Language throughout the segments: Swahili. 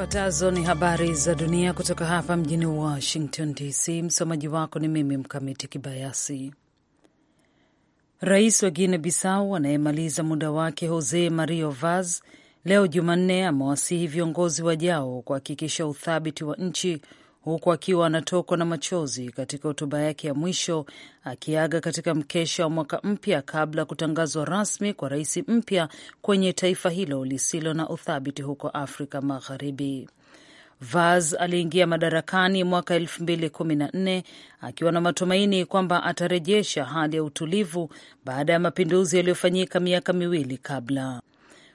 Zifuatazo ni habari za dunia kutoka hapa mjini Washington DC. Msomaji wako ni mimi Mkamiti Kibayasi. Rais wa guine Bissau anayemaliza muda wake Jose Mario Vaz leo Jumanne amewasihi viongozi wajao kuhakikisha uthabiti wa nchi huku akiwa anatokwa na machozi katika hotuba yake ya mwisho akiaga katika mkesha wa mwaka mpya kabla ya kutangazwa rasmi kwa rais mpya kwenye taifa hilo lisilo na uthabiti huko Afrika Magharibi. Vaz aliingia madarakani mwaka 2014 akiwa na matumaini kwamba atarejesha hali ya utulivu baada ya mapinduzi yaliyofanyika miaka miwili kabla.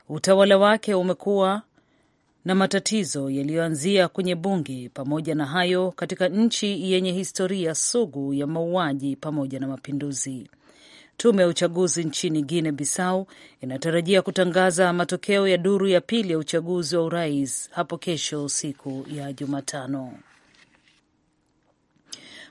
Utawala wake umekuwa na matatizo yaliyoanzia kwenye bunge. Pamoja na hayo, katika nchi yenye historia sugu ya mauaji pamoja na mapinduzi, tume ya uchaguzi nchini Guinea Bissau inatarajia kutangaza matokeo ya duru ya pili ya uchaguzi wa urais hapo kesho, siku ya Jumatano.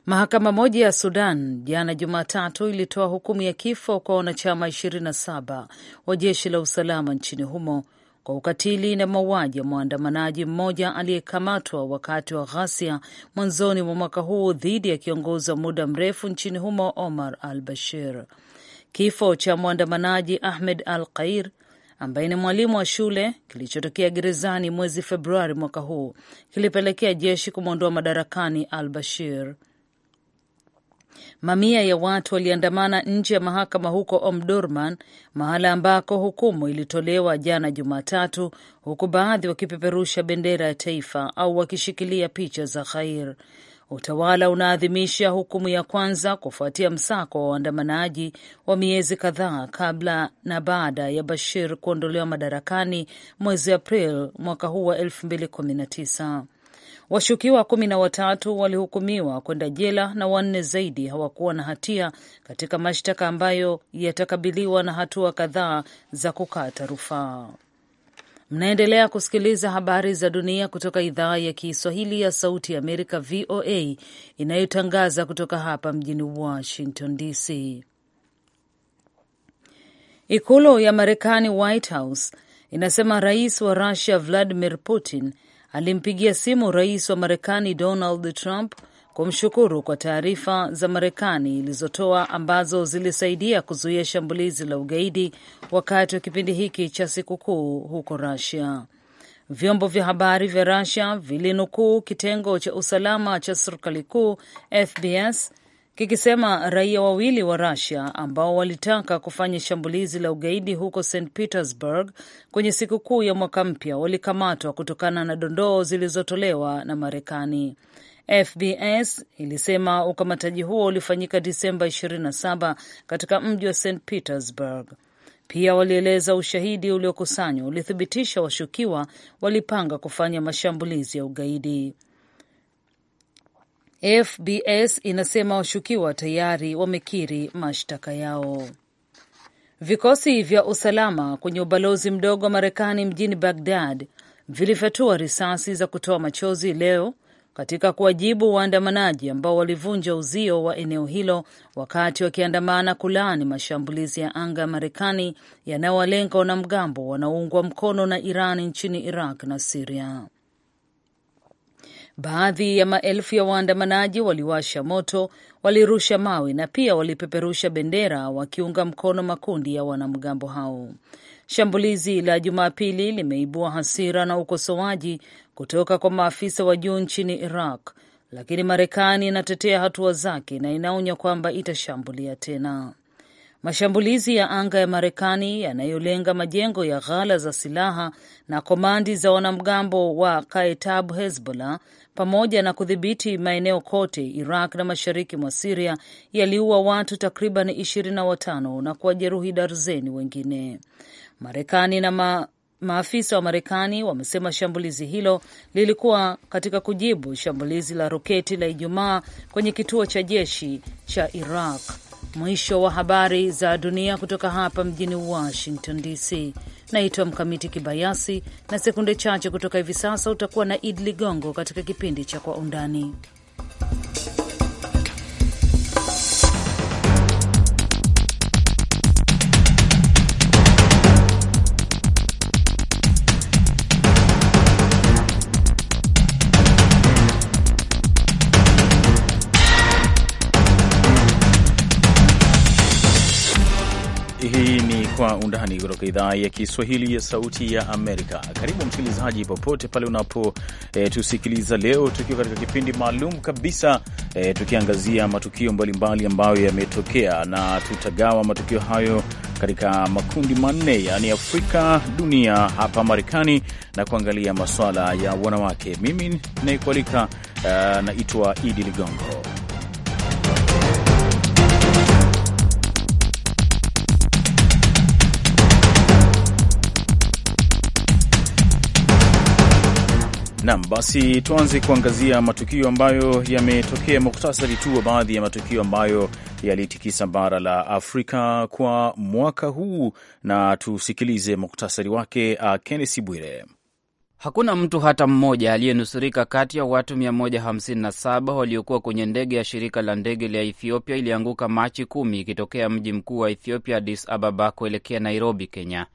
Mahakama moja ya Sudan jana Jumatatu ilitoa hukumu ya kifo kwa wanachama 27 wa jeshi la usalama nchini humo kwa ukatili na mauaji ya mwandamanaji mmoja aliyekamatwa wakati wa ghasia mwanzoni mwa mwaka huu dhidi ya kiongozi wa muda mrefu nchini humo Omar al Bashir. Kifo cha mwandamanaji Ahmed al Qair ambaye ni mwalimu wa shule kilichotokea gerezani mwezi Februari mwaka huu kilipelekea jeshi kumwondoa madarakani al Bashir. Mamia ya watu waliandamana nje ya mahakama huko Omdurman, mahala ambako hukumu ilitolewa jana Jumatatu, huku baadhi wakipeperusha bendera ya taifa au wakishikilia picha za Khair. Utawala unaadhimisha hukumu ya kwanza kufuatia msako wa waandamanaji wa miezi kadhaa kabla na baada ya Bashir kuondolewa madarakani mwezi April mwaka huu wa 219 Washukiwa kumi na watatu walihukumiwa kwenda jela na wanne zaidi hawakuwa na hatia katika mashtaka ambayo yatakabiliwa na hatua kadhaa za kukata rufaa. Mnaendelea kusikiliza habari za dunia kutoka idhaa ya Kiswahili ya Sauti ya Amerika, VOA, inayotangaza kutoka hapa mjini Washington DC. Ikulu ya Marekani, White House, inasema rais wa Rusia Vladimir Putin alimpigia simu rais wa Marekani Donald Trump kumshukuru kwa taarifa za Marekani ilizotoa ambazo zilisaidia kuzuia shambulizi la ugaidi wakati wa kipindi hiki cha sikukuu huko rusia Vyombo vya habari vya rasia vilinukuu kitengo cha usalama cha serikali kuu FBS kikisema raia wawili wa Rusia ambao walitaka kufanya shambulizi la ugaidi huko St Petersburg kwenye sikukuu ya mwaka mpya walikamatwa kutokana na dondoo zilizotolewa na Marekani. FBS ilisema ukamataji huo ulifanyika Disemba 27 katika mji wa St Petersburg. Pia walieleza ushahidi uliokusanywa ulithibitisha washukiwa walipanga kufanya mashambulizi ya ugaidi. FBS inasema washukiwa tayari wamekiri mashtaka yao. Vikosi vya usalama kwenye ubalozi mdogo wa Marekani mjini Bagdad vilifyatua risasi za kutoa machozi leo katika kuwajibu waandamanaji ambao walivunja uzio wa eneo hilo wakati wakiandamana kulaani mashambulizi ya anga ya Marekani yanayowalenga wanamgambo wanaoungwa mkono na Iran nchini Iraq na Siria. Baadhi ya maelfu ya waandamanaji waliwasha moto, walirusha mawe na pia walipeperusha bendera wakiunga mkono makundi ya wanamgambo hao. Shambulizi la Jumapili limeibua hasira na ukosoaji kutoka kwa maafisa wa juu nchini Iraq, lakini Marekani inatetea hatua zake na inaonya kwamba itashambulia tena. Mashambulizi ya anga ya Marekani yanayolenga majengo ya ghala za silaha na komandi za wanamgambo wa Kaetab Hezbollah pamoja na kudhibiti maeneo kote Iraq na mashariki mwa Siria yaliua watu takriban ishirini na watano na kuwajeruhi darzeni wengine. Marekani na ma maafisa wa Marekani wamesema shambulizi hilo lilikuwa katika kujibu shambulizi la roketi la Ijumaa kwenye kituo cha jeshi cha Iraq. Mwisho wa habari za dunia kutoka hapa mjini Washington DC. Naitwa Mkamiti Kibayasi, na sekunde chache kutoka hivi sasa utakuwa na Id Ligongo katika kipindi cha Kwa Undani. Undani kutoka idhaa ya Kiswahili ya Sauti ya Amerika. Karibu msikilizaji, popote pale unapotusikiliza e, leo tukiwa katika kipindi maalum kabisa e, tukiangazia matukio mbalimbali ambayo yametokea, na tutagawa matukio hayo katika makundi manne, yaani Afrika, dunia, hapa Marekani na kuangalia maswala ya wanawake. Mimi nayekualika e, naitwa Idi Ligongo. Nam, basi tuanze kuangazia matukio ambayo yametokea, muktasari tu wa baadhi ya matukio ambayo yalitikisa bara la Afrika kwa mwaka huu, na tusikilize muktasari wake. Uh, Kennesi Bwire. Hakuna mtu hata mmoja aliyenusurika kati ya watu 157 waliokuwa kwenye ndege ya shirika la ndege la Ethiopia ilianguka Machi 10 ikitokea mji mkuu wa Ethiopia, Addis Ababa, kuelekea Nairobi, Kenya.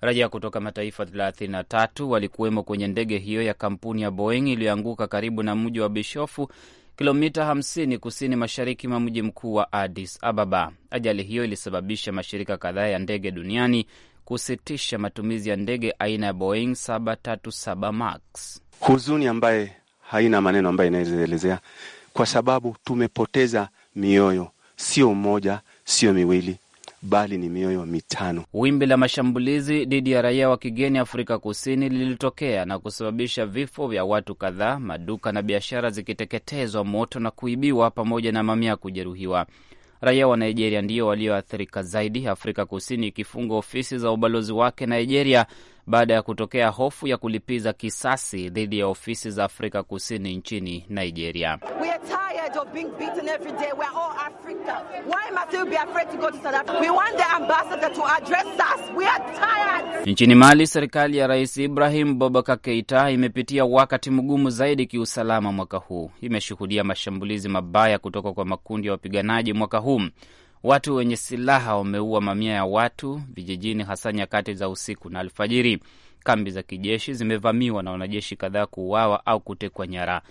Raia kutoka mataifa 33 walikuwemo kwenye ndege hiyo ya kampuni ya Boeing iliyoanguka karibu na mji wa Bishofu, kilomita 50 kusini mashariki mwa mji mkuu wa Addis Ababa. Ajali hiyo ilisababisha mashirika kadhaa ya ndege duniani kusitisha matumizi ya ndege aina ya Boeing 737 Max. Huzuni ambaye haina maneno ambayo inaweza elezea, kwa sababu tumepoteza mioyo, sio mmoja, sio miwili bali ni mioyo mitano. Wimbi la mashambulizi dhidi ya raia wa kigeni Afrika Kusini lilitokea na kusababisha vifo vya watu kadhaa, maduka na biashara zikiteketezwa moto na kuibiwa, pamoja na mamia kujeruhiwa. Raia wa Nigeria ndio walioathirika zaidi, Afrika Kusini ikifunga ofisi za ubalozi wake Nigeria baada ya kutokea hofu ya kulipiza kisasi dhidi ya ofisi za Afrika Kusini nchini Nigeria tired of being beaten every day. We're all Africa. Why must we be afraid to go to South Africa? We want the ambassador to address us. We are tired. Nchini Mali, serikali ya Rais Ibrahim bobaka Keita imepitia wakati mgumu zaidi kiusalama mwaka huu. Imeshuhudia mashambulizi mabaya kutoka kwa makundi ya wapiganaji mwaka huu. Watu wenye silaha wameua mamia ya watu vijijini, hasa nyakati za usiku na alfajiri. Kambi za kijeshi zimevamiwa na wanajeshi kadhaa kuuawa au kutekwa nyara.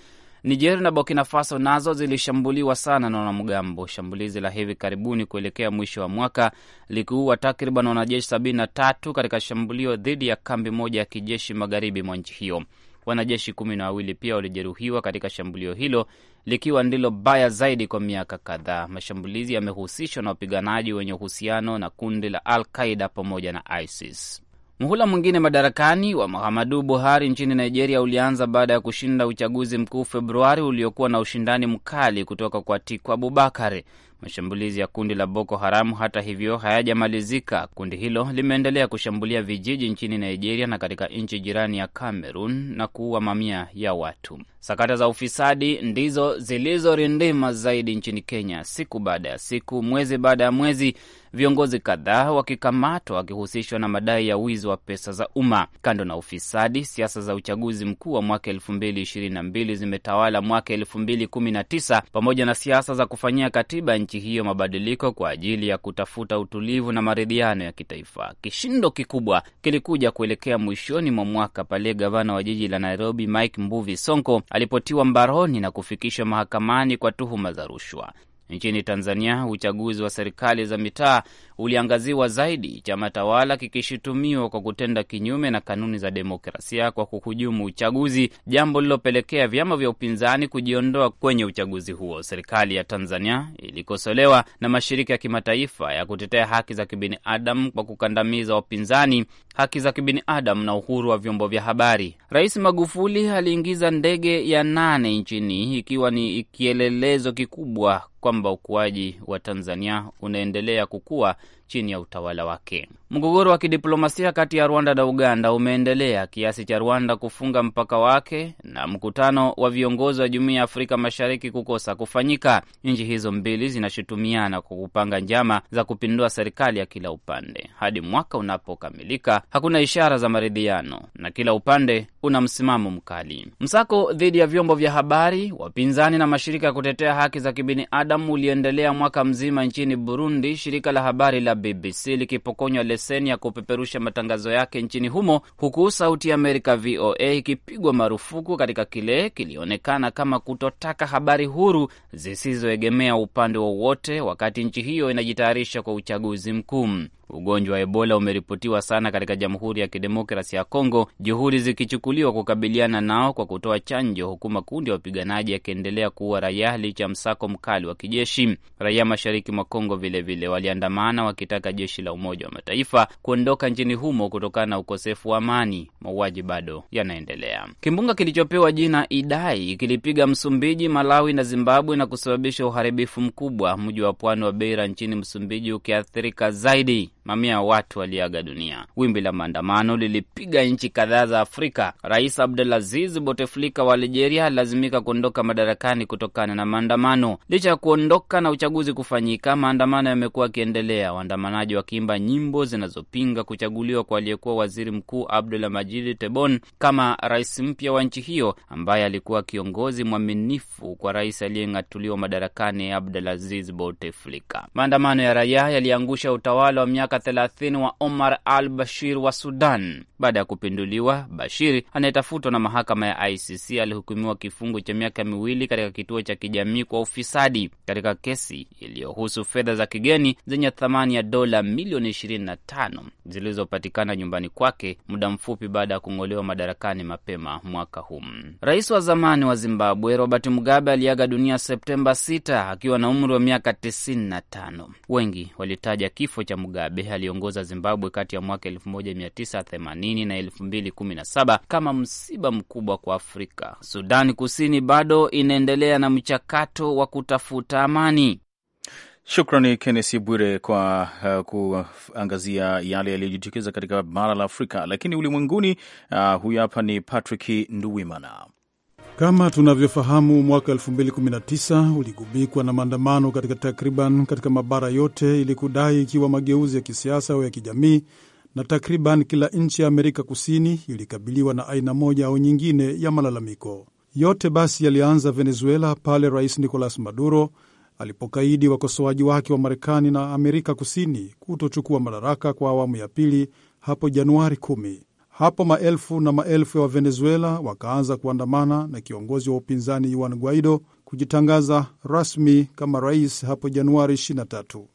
Niger na Burkina Faso nazo zilishambuliwa sana na wanamgambo. Shambulizi la hivi karibuni kuelekea mwisho wa mwaka likiua takriban wanajeshi sabini na tatu katika shambulio dhidi ya kambi moja ya kijeshi magharibi mwa nchi hiyo. Wanajeshi kumi na wawili pia walijeruhiwa katika shambulio hilo, likiwa ndilo baya zaidi kwa miaka kadhaa. Mashambulizi yamehusishwa na wapiganaji wenye uhusiano na kundi la Al Qaida pamoja na ISIS mhula mwingine madarakani wa Muhammadu Buhari nchini Nigeria ulianza baada ya kushinda uchaguzi mkuu Februari uliokuwa na ushindani mkali kutoka kwa Atiku Abubakar. Mashambulizi ya kundi la Boko Haramu, hata hivyo, hayajamalizika. Kundi hilo limeendelea kushambulia vijiji nchini Nigeria na katika nchi jirani ya Cameroon na kuua mamia ya watu. Sakata za ufisadi ndizo zilizorindima zaidi nchini Kenya, siku baada ya siku, mwezi baada ya mwezi, viongozi kadhaa wakikamatwa wakihusishwa na madai ya wizi wa pesa za umma. Kando na ufisadi, siasa za uchaguzi mkuu wa mwaka elfu mbili ishirini na mbili zimetawala mwaka elfu mbili kumi na tisa pamoja na siasa za kufanyia katiba ya nchi hiyo mabadiliko kwa ajili ya kutafuta utulivu na maridhiano ya kitaifa. Kishindo kikubwa kilikuja kuelekea mwishoni mwa mwaka pale gavana wa jiji la Nairobi Mike Mbuvi Sonko alipotiwa mbaroni na kufikishwa mahakamani kwa tuhuma za rushwa. Nchini Tanzania, uchaguzi wa serikali za mitaa uliangaziwa zaidi, chama tawala kikishutumiwa kwa kutenda kinyume na kanuni za demokrasia kwa kuhujumu uchaguzi, jambo lililopelekea vyama vya upinzani kujiondoa kwenye uchaguzi huo. Serikali ya Tanzania ilikosolewa na mashirika ya kimataifa ya kutetea haki za kibinadamu kwa kukandamiza wapinzani, haki za kibinadamu na uhuru wa vyombo vya habari. Rais Magufuli aliingiza ndege ya nane nchini ikiwa ni kielelezo kikubwa kwamba ukuaji wa Tanzania unaendelea kukua chini ya utawala wake. Mgogoro wa kidiplomasia kati ya Rwanda na Uganda umeendelea kiasi cha Rwanda kufunga mpaka wake na mkutano wa viongozi wa Jumuiya ya Afrika Mashariki kukosa kufanyika. Nchi hizo mbili zinashutumiana kwa kupanga njama za kupindua serikali ya kila upande. Hadi mwaka unapokamilika, hakuna ishara za maridhiano na kila upande una msimamo mkali. Msako dhidi ya vyombo vya habari, wapinzani na mashirika ya kutetea haki za kibinadamu uliendelea mwaka mzima nchini Burundi. Shirika la habari la BBC likipokonywa leseni ya kupeperusha matangazo yake nchini humo, huku Sauti ya Amerika VOA ikipigwa marufuku katika kile kilionekana kama kutotaka habari huru zisizoegemea upande wowote, wakati nchi hiyo inajitayarisha kwa uchaguzi mkuu. Ugonjwa wa Ebola umeripotiwa sana katika Jamhuri ya Kidemokrasi ya Kongo, juhudi zikichukuliwa kukabiliana nao kwa kutoa chanjo, huku makundi ya wapiganaji yakiendelea kuua raia licha ya msako mkali wa kijeshi. Raia mashariki mwa Kongo vilevile waliandamana wakitaka jeshi la Umoja wa Mataifa kuondoka nchini humo kutokana na ukosefu wa amani. Mauaji bado yanaendelea. Kimbunga kilichopewa jina Idai kilipiga Msumbiji, Malawi na Zimbabwe na kusababisha uharibifu mkubwa, mji wa pwani wa Beira nchini Msumbiji ukiathirika zaidi mamia ya watu waliaga dunia. Wimbi la maandamano lilipiga nchi kadhaa za Afrika. Rais Abdulaziz Bouteflika wa Algeria alilazimika kuondoka madarakani kutokana na maandamano. Licha ya kuondoka na uchaguzi kufanyika, maandamano yamekuwa yakiendelea, waandamanaji wakiimba nyimbo zinazopinga kuchaguliwa kwa aliyekuwa waziri mkuu majidi Tebboune kama rais mpya wa nchi hiyo, ambaye alikuwa kiongozi mwaminifu kwa rais aliyeng'atuliwa madarakani Abdulaziz Bouteflika. Maandamano ya raia yaliangusha utawala wa miaka miaka 30 wa Omar al Bashir wa Sudan. Baada ya kupinduliwa, Bashir anayetafutwa na mahakama ya ICC alihukumiwa kifungo cha miaka miwili katika kituo cha kijamii kwa ufisadi katika kesi iliyohusu fedha za kigeni zenye thamani ya dola milioni 25 zilizopatikana nyumbani kwake muda mfupi baada ya kung'olewa madarakani mapema mwaka huu. Rais wa zamani wa Zimbabwe Robert Mugabe aliaga dunia Septemba 6 akiwa na umri wa miaka 95. Wengi walitaja kifo cha Mugabe aliongoza Zimbabwe kati ya mwaka 1980 na 2017 kama msiba mkubwa kwa Afrika. Sudani Kusini bado inaendelea na mchakato wa kutafuta amani. Shukrani Kennesi Bwire kwa uh, kuangazia yale yaliyojitokeza katika bara la Afrika, lakini ulimwenguni. Uh, huyu hapa ni Patrick Nduwimana. Kama tunavyofahamu, mwaka 2019 uligubikwa na maandamano katika takriban katika mabara yote ili kudai ikiwa mageuzi ya kisiasa au ya kijamii, na takriban kila nchi ya Amerika Kusini ilikabiliwa na aina moja au nyingine ya malalamiko. Yote basi yalianza Venezuela pale Rais Nicolas Maduro alipokaidi wakosoaji wake wa Marekani na Amerika Kusini kutochukua madaraka kwa awamu ya pili hapo Januari 1 hapo maelfu na maelfu ya Wavenezuela wakaanza kuandamana na kiongozi wa upinzani Juan Guaido kujitangaza rasmi kama rais hapo Januari 23.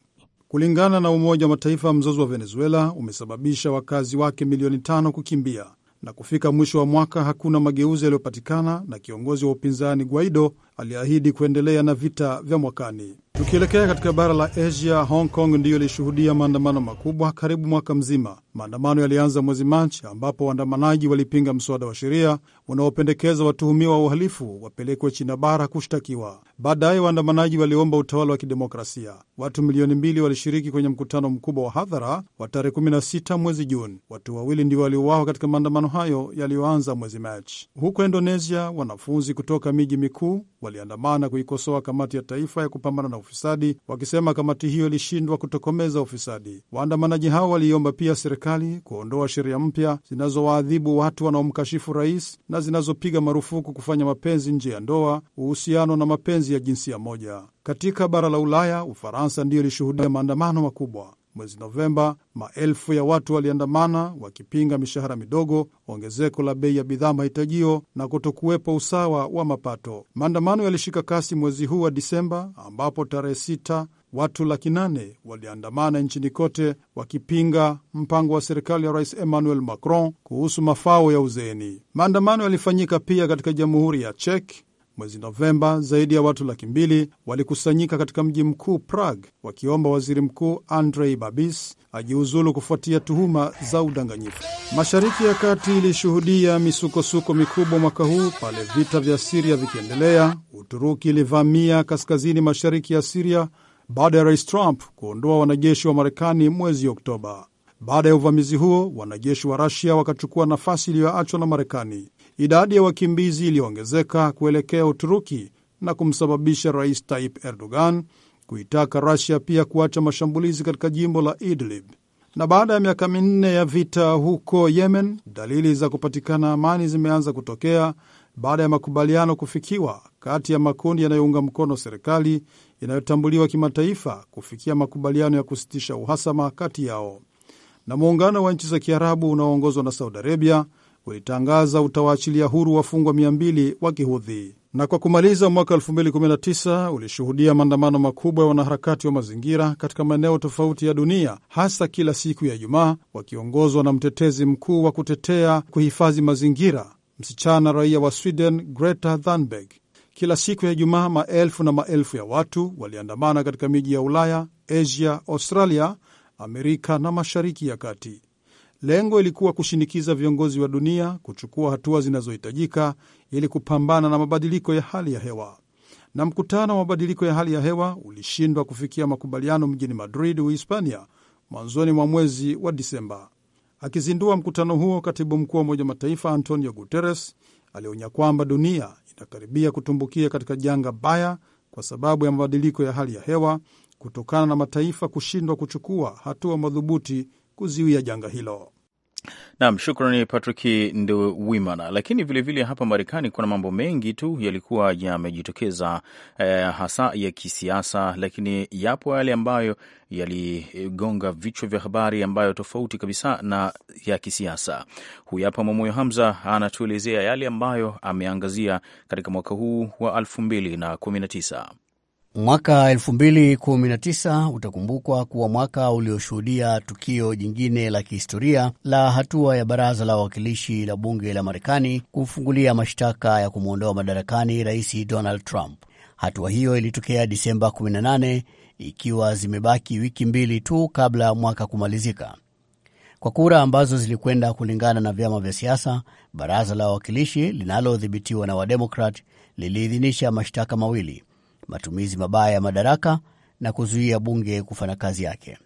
Kulingana na Umoja wa Mataifa, mzozo wa Venezuela umesababisha wakazi wake milioni tano kukimbia na kufika mwisho wa mwaka hakuna mageuzi yaliyopatikana na kiongozi wa upinzani Guaido aliahidi kuendelea na vita vya mwakani. Tukielekea katika bara la Asia, Hong Kong ndiyo ilishuhudia maandamano makubwa karibu mwaka mzima. Maandamano yalianza mwezi Machi, ambapo waandamanaji walipinga mswada wa sheria unaopendekeza watuhumiwa wa uhalifu wapelekwe China bara kushtakiwa. Baadaye waandamanaji waliomba utawala wa kidemokrasia. Watu milioni mbili walishiriki kwenye mkutano mkubwa wa hadhara wa tarehe 16 mwezi Juni. Watu wawili ndio waliowawa katika maandamano hayo yaliyoanza mwezi Machi. Huko Indonesia, wanafunzi kutoka miji mikuu waliandamana kuikosoa kamati ya taifa ya kupambana na ufisadi, wakisema kamati hiyo ilishindwa kutokomeza ufisadi. Waandamanaji hao waliiomba pia serikali kuondoa sheria mpya zinazowaadhibu watu wanaomkashifu rais na zinazopiga marufuku kufanya mapenzi nje ya ndoa, uhusiano na mapenzi ya jinsia moja. Katika bara la Ulaya, Ufaransa ndiyo ilishuhudia maandamano makubwa. Mwezi Novemba, maelfu ya watu waliandamana wakipinga mishahara midogo, ongezeko la bei ya bidhaa mahitajio na kutokuwepo usawa wa mapato. Maandamano yalishika kasi mwezi huu wa Disemba, ambapo tarehe sita watu laki nane waliandamana nchini kote wakipinga mpango wa serikali ya Rais Emmanuel Macron kuhusu mafao ya uzeeni. Maandamano yalifanyika pia katika Jamhuri ya Czech, Mwezi Novemba, zaidi ya watu laki mbili walikusanyika katika mji mkuu Prague wakiomba waziri mkuu Andrei Babis ajiuzulu kufuatia tuhuma za udanganyifu. Mashariki ya Kati ilishuhudia misukosuko mikubwa mwaka huu pale vita vya Siria vikiendelea. Uturuki ilivamia kaskazini mashariki ya Siria baada ya rais Trump kuondoa wanajeshi wa Marekani mwezi Oktoba. Baada ya uvamizi huo, wanajeshi wa Rasia wakachukua nafasi iliyoachwa na Marekani idadi ya wakimbizi iliyoongezeka kuelekea Uturuki na kumsababisha Rais Tayyip Erdogan kuitaka rasia pia kuacha mashambulizi katika jimbo la Idlib. Na baada ya miaka minne ya vita huko Yemen, dalili za kupatikana amani zimeanza kutokea baada ya makubaliano kufikiwa kati ya makundi yanayounga mkono serikali inayotambuliwa kimataifa kufikia makubaliano ya kusitisha uhasama kati yao na muungano wa nchi za Kiarabu unaoongozwa na Saudi Arabia ulitangaza utawaachilia huru wafungwa 200 wa Kihudhi. Na kwa kumaliza, mwaka 2019 ulishuhudia maandamano makubwa ya wanaharakati wa mazingira katika maeneo tofauti ya dunia, hasa kila siku ya Ijumaa, wakiongozwa na mtetezi mkuu wa kutetea kuhifadhi mazingira, msichana raia wa Sweden Greta Thunberg. Kila siku ya Ijumaa, maelfu na maelfu ya watu waliandamana katika miji ya Ulaya, Asia, Australia, Amerika na Mashariki ya Kati. Lengo ilikuwa kushinikiza viongozi wa dunia kuchukua hatua zinazohitajika ili kupambana na mabadiliko ya hali ya hewa. Na mkutano wa mabadiliko ya hali ya hewa ulishindwa kufikia makubaliano mjini Madrid, Uhispania, mwanzoni mwa mwezi wa Disemba. Akizindua mkutano huo, katibu mkuu wa Umoja Mataifa Antonio Guterres alionya kwamba dunia inakaribia kutumbukia katika janga baya kwa sababu ya mabadiliko ya hali ya hewa kutokana na mataifa kushindwa kuchukua hatua madhubuti kuzuia janga hilo. Nam, shukrani Patrick Nduwimana. Lakini vilevile vile hapa Marekani kuna mambo mengi tu yalikuwa yamejitokeza eh, hasa ya kisiasa, lakini yapo yale ambayo yaligonga vichwa vya habari ambayo tofauti kabisa na ya kisiasa. Huyu hapa Mwamoyo Hamza anatuelezea yale ambayo ameangazia katika mwaka huu wa elfu mbili na kumi na tisa. Mwaka 2019 utakumbukwa kuwa mwaka ulioshuhudia tukio jingine la kihistoria la hatua ya baraza la wawakilishi la bunge la Marekani kumfungulia mashtaka ya kumwondoa madarakani Rais Donald Trump. Hatua hiyo ilitokea Disemba 18 ikiwa zimebaki wiki mbili tu kabla mwaka kumalizika. Kwa kura ambazo zilikwenda kulingana na vyama vya siasa, baraza la wawakilishi linalodhibitiwa na Wademokrat liliidhinisha mashtaka mawili matumizi mabaya ya madaraka na kuzuia bunge kufanya kazi yake.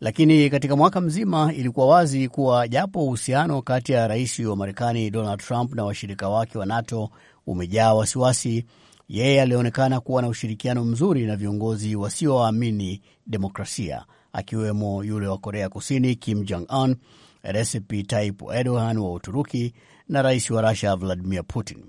Lakini katika mwaka mzima ilikuwa wazi kuwa japo uhusiano kati ya rais wa Marekani Donald Trump na washirika wake wa NATO umejaa wasiwasi, yeye alionekana kuwa na ushirikiano mzuri na viongozi wasioamini demokrasia, akiwemo yule wa Korea Kusini Kim Jong Un, Recep Tayyip Erdogan wa Uturuki na rais wa Rusia Vladimir Putin.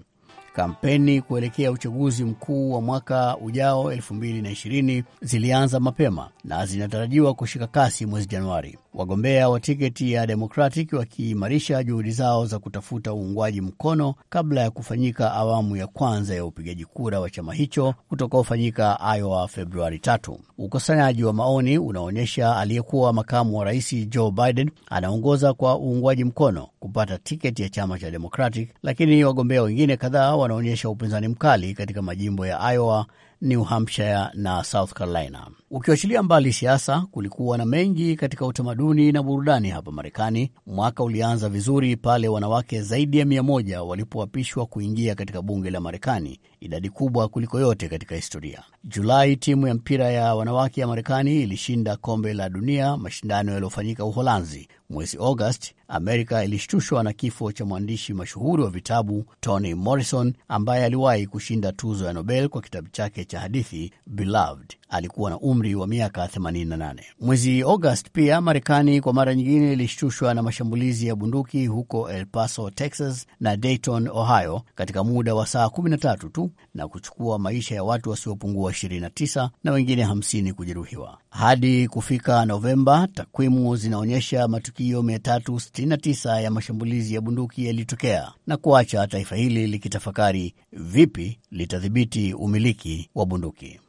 Kampeni kuelekea uchaguzi mkuu wa mwaka ujao 2020 zilianza mapema na zinatarajiwa kushika kasi mwezi Januari wagombea wa tiketi ya demokratic wakiimarisha juhudi zao za kutafuta uungwaji mkono kabla ya kufanyika awamu ya kwanza ya upigaji kura wa chama hicho utakaofanyika Iowa Februari tatu. Ukusanyaji wa maoni unaonyesha aliyekuwa makamu wa rais Joe Biden anaongoza kwa uungwaji mkono kupata tiketi ya chama cha Democratic, lakini wagombea wengine kadhaa wanaonyesha upinzani mkali katika majimbo ya Iowa New Hampshire na South Carolina. Ukiachilia mbali siasa, kulikuwa na mengi katika utamaduni na burudani hapa Marekani. Mwaka ulianza vizuri pale wanawake zaidi ya mia moja walipoapishwa kuingia katika bunge la Marekani, idadi kubwa kuliko yote katika historia. Julai timu ya mpira ya wanawake ya Marekani ilishinda kombe la dunia, mashindano yaliyofanyika Uholanzi. Mwezi Agosti, Amerika ilishtushwa na kifo cha mwandishi mashuhuri wa vitabu Toni Morrison ambaye aliwahi kushinda tuzo ya Nobel kwa kitabu chake cha hadithi Beloved alikuwa na umri wa miaka 88. Mwezi Agosti pia Marekani kwa mara nyingine ilishtushwa na mashambulizi ya bunduki huko El Paso, Texas na Dayton, Ohio, katika muda wa saa 13 tu na kuchukua maisha ya watu wasiopungua 29 na wengine 50 kujeruhiwa. Hadi kufika Novemba, takwimu zinaonyesha matukio 369 ya mashambulizi ya bunduki yalitokea na kuacha taifa hili likitafakari vipi litadhibiti umiliki wa bunduki.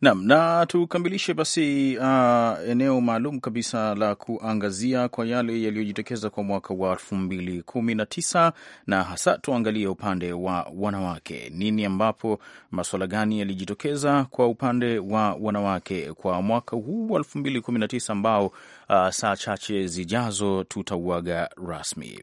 Naam, na tukamilishe basi uh, eneo maalum kabisa la kuangazia kwa yale yaliyojitokeza kwa mwaka wa elfu mbili kumi na tisa na hasa tuangalie upande wa wanawake, nini ambapo masuala gani yalijitokeza kwa upande wa wanawake kwa mwaka huu wa elfu mbili kumi na tisa ambao uh, saa chache zijazo tutauaga rasmi.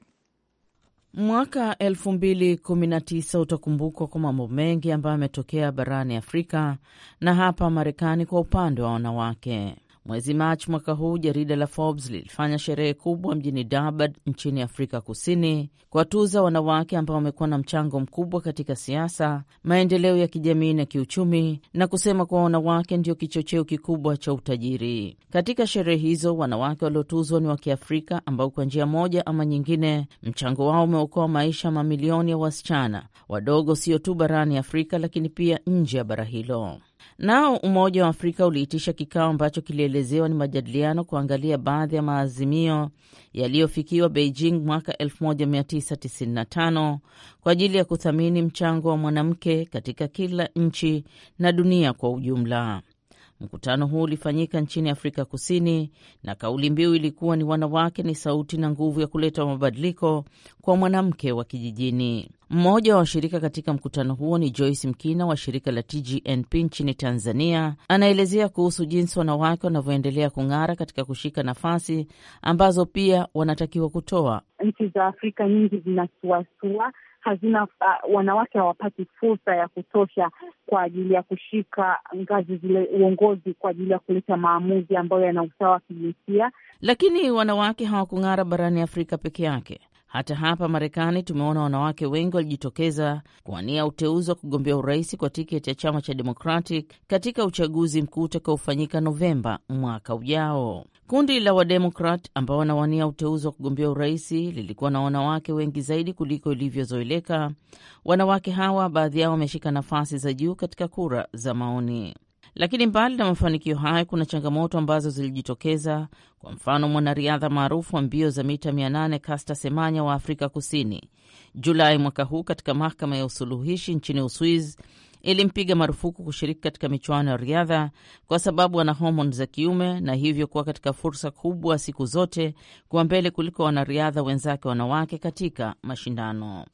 Mwaka 2019 utakumbukwa kwa mambo mengi ambayo yametokea barani Afrika na hapa Marekani kwa upande wa wanawake. Mwezi Machi mwaka huu jarida la Forbes lilifanya sherehe kubwa mjini Durban nchini Afrika Kusini kuwatuza wanawake ambao wamekuwa na mchango mkubwa katika siasa, maendeleo ya kijamii na kiuchumi, na kusema kuwa wanawake ndio kichocheo kikubwa cha utajiri. Katika sherehe hizo, wanawake waliotuzwa ni wa Kiafrika ambao kwa njia moja ama nyingine mchango wao umeokoa maisha mamilioni ya wasichana wadogo, sio tu barani Afrika lakini pia nje ya bara hilo. Nao Umoja wa Afrika uliitisha kikao ambacho kilielezewa ni majadiliano kuangalia baadhi ya maazimio yaliyofikiwa Beijing mwaka 1995 kwa ajili ya kuthamini mchango wa mwanamke katika kila nchi na dunia kwa ujumla. Mkutano huu ulifanyika nchini Afrika Kusini na kauli mbiu ilikuwa ni wanawake ni sauti na nguvu ya kuleta mabadiliko kwa mwanamke wa kijijini. Mmoja wa washirika katika mkutano huo ni Joyce Mkina wa shirika la TGNP nchini Tanzania, anaelezea kuhusu jinsi wanawake wanavyoendelea kung'ara katika kushika nafasi ambazo pia wanatakiwa kutoa. Nchi za Afrika nyingi zinasuasua hazina uh, wanawake hawapati fursa ya kutosha kwa ajili ya kushika ngazi zile uongozi kwa ajili ya kuleta maamuzi ambayo yana usawa wa kijinsia. Lakini wanawake hawakung'ara barani Afrika peke yake. Hata hapa Marekani tumeona wanawake wengi walijitokeza kuwania uteuzi wa kugombea urais kwa tiketi ya chama cha Democratic katika uchaguzi mkuu utakaofanyika Novemba mwaka ujao. Kundi la Wademokrat ambao wanawania uteuzi wa kugombea urais lilikuwa na wanawake wengi zaidi kuliko ilivyozoeleka. Wanawake hawa baadhi yao wameshika nafasi za juu katika kura za maoni. Lakini mbali na mafanikio hayo, kuna changamoto ambazo zilijitokeza. Kwa mfano, mwanariadha maarufu wa mbio za mita 800 Caster Semenya wa Afrika Kusini, Julai mwaka huu, katika mahakama ya usuluhishi nchini Uswiz ilimpiga marufuku kushiriki katika michuano ya riadha kwa sababu ana homoni za kiume na hivyo kuwa katika fursa kubwa siku zote kuwa mbele kuliko wanariadha wenzake wanawake katika mashindano.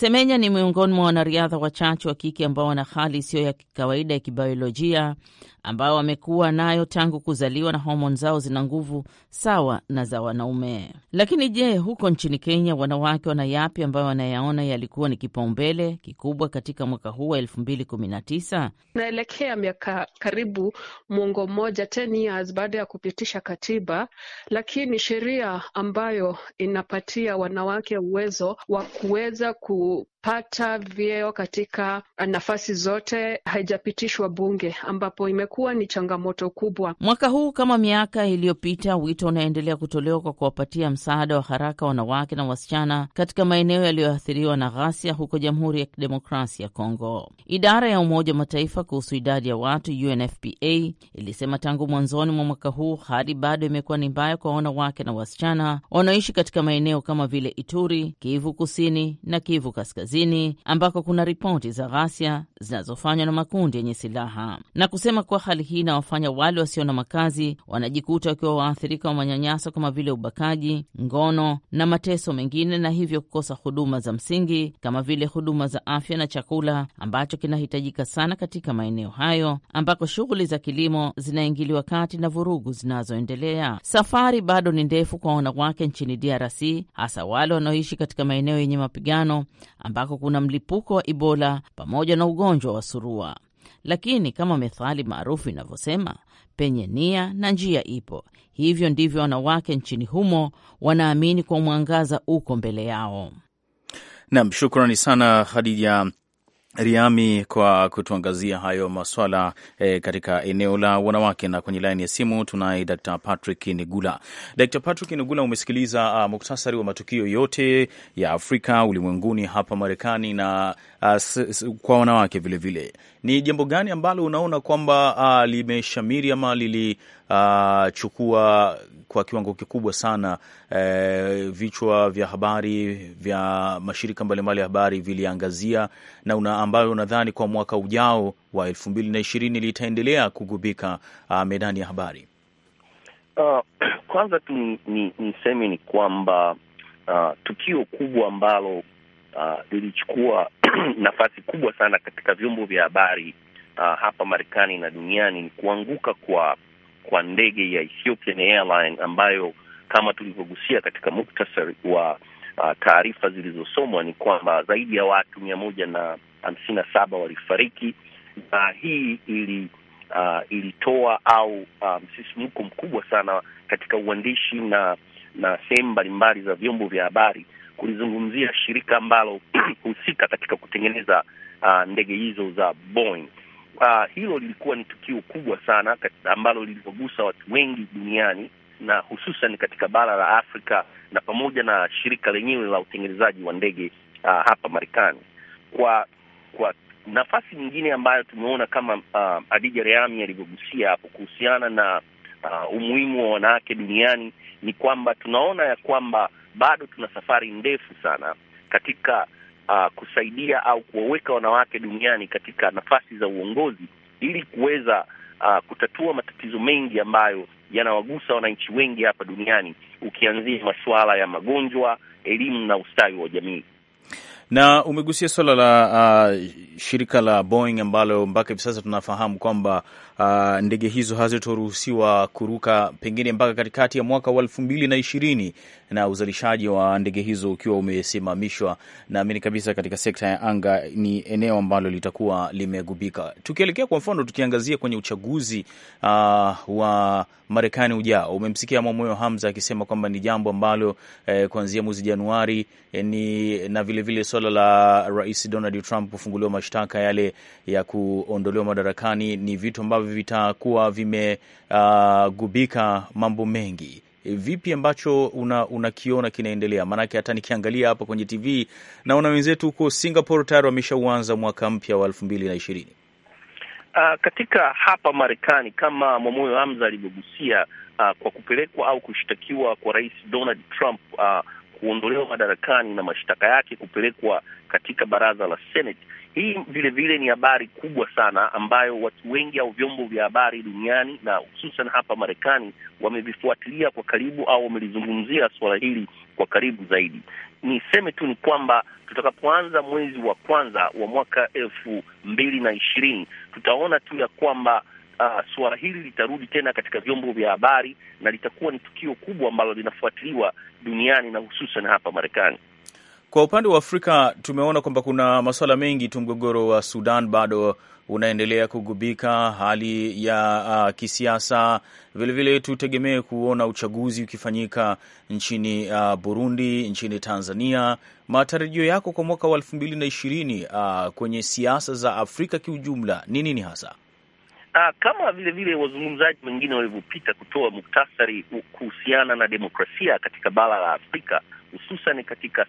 Semenya ni miongoni mwa wanariadha wachache wa kike ambao wana hali isiyo ya kawaida ya kibiolojia ambao wamekuwa nayo tangu kuzaliwa na homoni zao zina nguvu sawa na za wanaume. Lakini je, huko nchini Kenya wanawake wana yapi ambayo wanayaona yalikuwa ni kipaumbele kikubwa katika mwaka huu wa elfu mbili kumi na tisa? Naelekea miaka karibu mwongo mmoja, ten years baada ya kupitisha katiba, lakini sheria ambayo inapatia wanawake uwezo wa kuweza ku を kupata vyeo katika nafasi zote haijapitishwa bunge, ambapo imekuwa ni changamoto kubwa mwaka huu kama miaka iliyopita. Wito unaendelea kutolewa kwa kuwapatia msaada wa haraka wanawake na wasichana katika maeneo yaliyoathiriwa na ghasia huko Jamhuri ya Kidemokrasia ya Kongo. Idara ya Umoja wa Mataifa kuhusu idadi ya watu UNFPA ilisema tangu mwanzoni mwa mwaka huu hali bado imekuwa ni mbaya kwa wanawake na wasichana wanaoishi katika maeneo kama vile Ituri, Kivu Kusini na Kivu Kaskazini. Kaskazini ambako kuna ripoti za ghasia zinazofanywa na makundi yenye silaha na kusema kuwa hali hii inawafanya wale wasio na makazi wanajikuta wakiwa waathirika wa manyanyaso kama vile ubakaji, ngono na mateso mengine, na hivyo kukosa huduma za msingi kama vile huduma za afya na chakula ambacho kinahitajika sana katika maeneo hayo ambako shughuli za kilimo zinaingiliwa kati na vurugu zinazoendelea. Safari bado ni ndefu kwa wanawake nchini DRC, hasa wale wanaoishi katika maeneo yenye mapigano ambako kuna mlipuko wa Ebola pamoja na ugonjwa wa surua. Lakini kama methali maarufu inavyosema, penye nia na njia ipo. Hivyo ndivyo wanawake nchini humo wanaamini kwa mwangaza uko mbele yao. Nam, shukrani sana hadija Riami kwa kutuangazia hayo maswala e, katika eneo la wanawake. Na kwenye laini ya simu tunaye Dr. Patrick Nigula. Dr. Patrick Nigula, umesikiliza uh, muktasari wa matukio yote ya Afrika ulimwenguni, hapa Marekani na uh, kwa wanawake vilevile vile. Ni jambo gani ambalo unaona kwamba uh, limeshamiri ama lilichukua ah, uh, kwa kiwango kikubwa sana uh, vichwa vya habari vya mashirika mbalimbali ya habari viliangazia, na una ambayo unadhani kwa mwaka ujao wa elfu mbili na ishirini litaendelea kugubika uh, medani ya habari? Uh, kwanza tu niseme ni, ni kwamba uh, tukio kubwa ambalo uh, lilichukua nafasi kubwa sana katika vyombo vya habari uh, hapa Marekani na duniani ni kuanguka kwa kwa ndege ya Ethiopian Airline ambayo kama tulivyogusia katika muktasari wa uh, taarifa zilizosomwa ni kwamba zaidi ya watu mia moja na hamsini na saba walifariki na hii ili uh, ilitoa au uh, msisimko um, mkubwa sana katika uandishi na na sehemu mbalimbali za vyombo vya habari kulizungumzia shirika ambalo husika katika kutengeneza uh, ndege hizo za Boeing. Uh, hilo lilikuwa ni tukio kubwa sana ambalo lilivyogusa watu wengi duniani na hususan katika bara la Afrika na pamoja na shirika lenyewe la utengenezaji wa ndege uh, hapa Marekani. Kwa kwa nafasi nyingine ambayo tumeona kama uh, Adija Reami alivyogusia hapo kuhusiana na uh, umuhimu wa wanawake duniani ni kwamba tunaona ya kwamba bado tuna safari ndefu sana katika uh, kusaidia au kuwaweka wanawake duniani katika nafasi za uongozi ili kuweza uh, kutatua matatizo mengi ambayo yanawagusa wananchi wengi hapa duniani, ukianzia masuala ya magonjwa, elimu na ustawi wa jamii na umegusia swala la uh, shirika la Boeing ambalo mpaka hivi sasa tunafahamu kwamba uh, ndege hizo hazitoruhusiwa kuruka pengine mpaka katikati ya mwaka wa elfu mbili na ishirini na uzalishaji wa ndege hizo ukiwa umesimamishwa, naamini kabisa katika sekta ya anga ni eneo ambalo litakuwa limegubika. Tukielekea kwa mfano, tukiangazia kwenye uchaguzi uh, wa Marekani ujao, umemsikia Mwamoyo Hamza akisema kwamba ni jambo ambalo eh, kuanzia mwezi Januari eh, ni na vilevile swala la Rais Donald Trump kufunguliwa mashtaka yale ya kuondolewa madarakani ni vitu ambavyo vitakuwa vimegubika ah, uh, mambo mengi e, Vipi ambacho unakiona una kinaendelea? Maanake hata nikiangalia hapa kwenye TV naona wenzetu huko Singapore tayari wameshauanza mwaka mpya wa elfu mbili na ishirini. Uh, katika hapa Marekani kama Mwamoyo Hamza alivyogusia, uh, kwa kupelekwa au kushtakiwa kwa Rais Donald Trump uh, kuondolewa madarakani na mashtaka yake kupelekwa katika baraza la Senate. Hii vile vile ni habari kubwa sana ambayo watu wengi au vyombo vya habari duniani na hususan hapa Marekani wamevifuatilia kwa karibu au wamelizungumzia suala hili kwa karibu zaidi. Niseme tu ni kwamba tutakapoanza mwezi wa kwanza wa mwaka elfu mbili na ishirini tutaona tu ya kwamba uh, suala hili litarudi tena katika vyombo vya habari na litakuwa ni tukio kubwa ambalo linafuatiliwa duniani na hususan hapa Marekani. Kwa upande wa Afrika tumeona kwamba kuna masuala mengi tu. Mgogoro wa Sudan bado unaendelea kugubika hali ya uh, kisiasa. Vilevile tutegemee kuona uchaguzi ukifanyika nchini uh, Burundi, nchini Tanzania. Matarajio yako kwa mwaka wa elfu mbili na ishirini uh, kwenye siasa za Afrika kiujumla ni nini hasa? Uh, kama vile vile wazungumzaji wengine walivyopita kutoa muktasari kuhusiana na demokrasia katika bara la Afrika hususan katika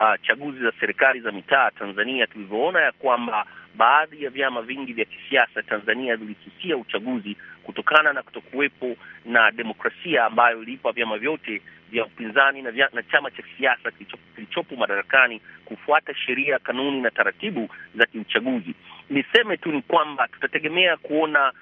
uh, chaguzi za serikali za mitaa Tanzania, tulivyoona ya kwamba baadhi ya vyama vingi vya kisiasa Tanzania vilisusia uchaguzi kutokana na kutokuwepo na demokrasia ambayo ilipa vyama vyote vya upinzani na, vya, na chama cha kisiasa kilichopo, kilichopo madarakani kufuata sheria, kanuni na taratibu za kiuchaguzi niseme tu ni kwamba tutategemea kuona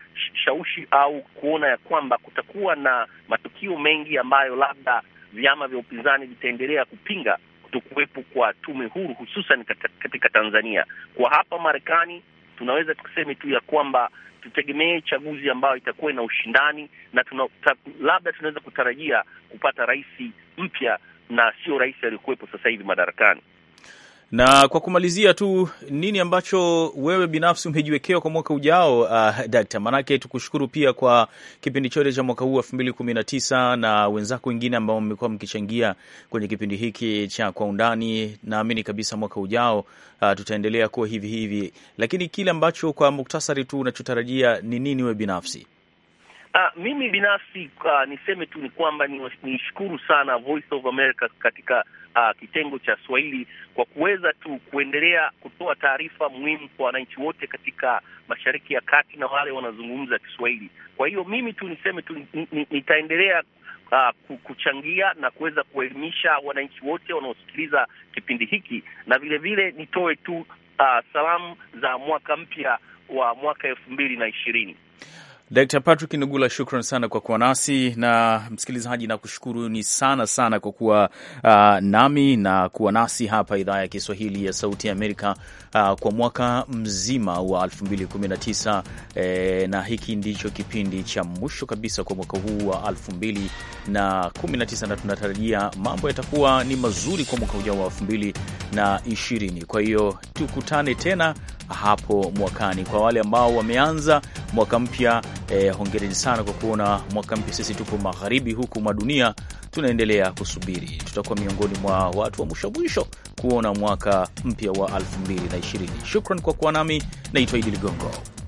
shaushi au kuona ya kwamba kutakuwa na matukio mengi ambayo labda vyama vya upinzani vitaendelea kupinga kutokuwepo kwa tume huru hususan katika Tanzania. Kwa hapa Marekani tunaweza tuseme tu ya kwamba tutegemee chaguzi ambayo itakuwa na ushindani na tuna, ta, labda tunaweza kutarajia kupata rais mpya na sio rais aliyokuwepo sasa hivi madarakani. Na kwa kumalizia tu, nini ambacho wewe binafsi umejiwekewa kwa mwaka ujao, uh, dakta? Maanake tukushukuru pia kwa kipindi chote cha mwaka huu elfu mbili kumi na tisa na wenzako wengine ambao mmekuwa mkichangia kwenye kipindi hiki cha kwa undani. Naamini kabisa mwaka ujao uh, tutaendelea kuwa hivi hivi, lakini kile ambacho kwa muktasari tu unachotarajia ni nini wewe binafsi? Uh, mimi binafsi uh, niseme tu ni kwamba nishukuru ni sana Voice of America katika uh, kitengo cha Swahili kwa kuweza tu kuendelea kutoa taarifa muhimu kwa wananchi wote katika Mashariki ya Kati na wale wanazungumza Kiswahili. Kwa hiyo mimi tu niseme tu nitaendelea Uh, kuchangia na kuweza kuelimisha wananchi wote wanaosikiliza kipindi hiki na vilevile nitoe tu uh, salamu za mwaka mpya wa mwaka elfu mbili na ishirini. Dr. Patrick Nugula, shukran sana kwa kuwa nasi na msikilizaji, na kushukuru ni sana sana kwa kuwa uh, nami na kuwa nasi hapa idhaa ya Kiswahili ya Sauti ya Amerika uh, kwa mwaka mzima wa 2019 eh, na hiki ndicho kipindi cha mwisho kabisa kwa mwaka huu wa 2019 na tunatarajia mambo yatakuwa ni mazuri kwa mwaka ujao wa 2020. Kwa hiyo tukutane tena hapo mwakani. Kwa wale ambao wameanza mwaka mpya eh, hongereni sana kwa kuona mwaka mpya. Sisi tupo magharibi huku mwa dunia tunaendelea kusubiri, tutakuwa miongoni mwa watu wa mwisho mwisho kuona mwaka mpya wa 2020. Shukran kwa kuwa nami, naitwa Idi Ligongo.